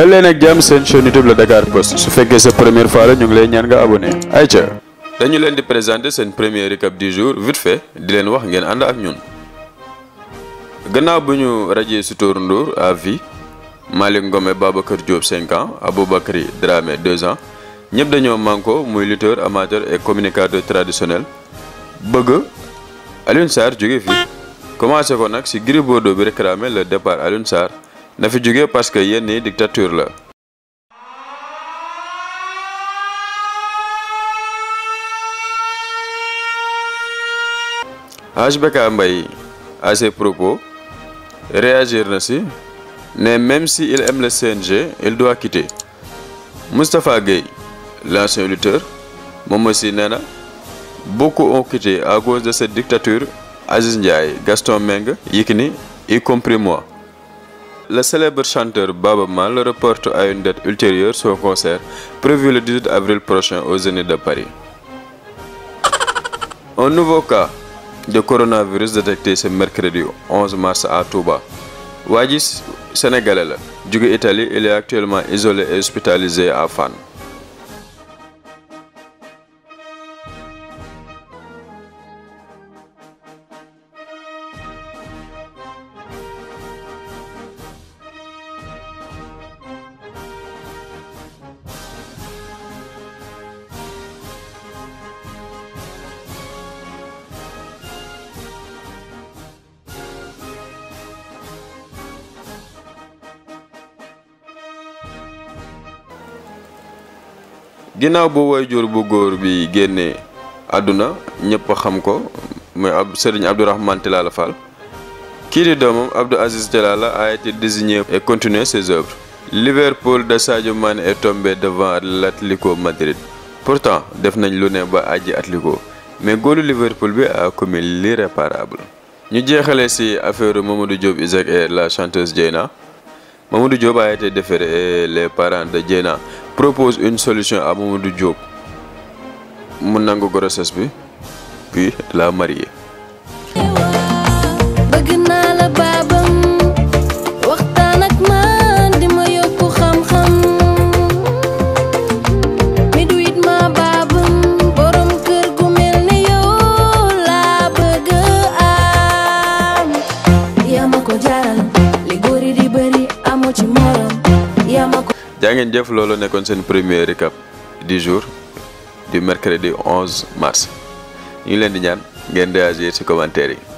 dal leen ak jàmm seen chaîne la Dakar Post su fekkee sa première fois la ñu ngi lay ñaan nga abonné ayca dañu leen di présenter seen premier récap du jour vite fait di leen wax ngeen ànd ak ñun gannaaw bu ñu rajee Sitor Ndour à vie Malick Ngomé Babacar Diop 5 ans Aboubacry Dramé 2 ans ñëpp dañoo manko muy lutteur amateur et communicateur traditionnel bëgg Alioune Sarr jóge fii commencé ko nag si Gris Bordeaux bi réclamé le départ Alioune Sarr na fi jóge parce que yéen ñi dictature la HBK Mbaye à ses propos réagir na ci mais même si il aime le CNG il doit quitter Moustapha Gueye l'ancien lutteur moom aussi nee na beaucoup à cause de cette dictature Aziz Ndiaye Gaston Meng Yekini y compris moi le célèbre chanteur Baba Mal reporte à une date ultérieure son concert prévu le 18 avril prochain au Zénith de Paris. Un nouveau cas de coronavirus détecté ce mercredi 11 mars à Touba. Wajis sénégalais la jóge Italie il est actuellement isolé et hospitalisé à Fann. ginnaaw bu jur bu góor bi génnee àdduna ñëpp xam ko mooy ab sëriñ Abdourahmane Tilala Fall kii di doomam Abdou Aziz Tilala a été désigné et continué ses œuvres. Liverpool de Sadio Mané est tombé devant l'Atlético Madrid pourtant def nañ lu ne ba àjji Atlético mais góolu Liverpool bi a commis l'irréparable. ñu jeexale ci affaire Mamadou Diop Isaac et la chanteuse Dieyna Mamadou Diop a été déféré et les parents de Dieyna propose une solution à du jóg mu nangu grossesse bi puis la marier jaa ngeen jëf loolu nekkoon seen premier récap du jour du mercredi 11 mars ñu ngi leen di ñaan ngeen réagir ci commentaire yi.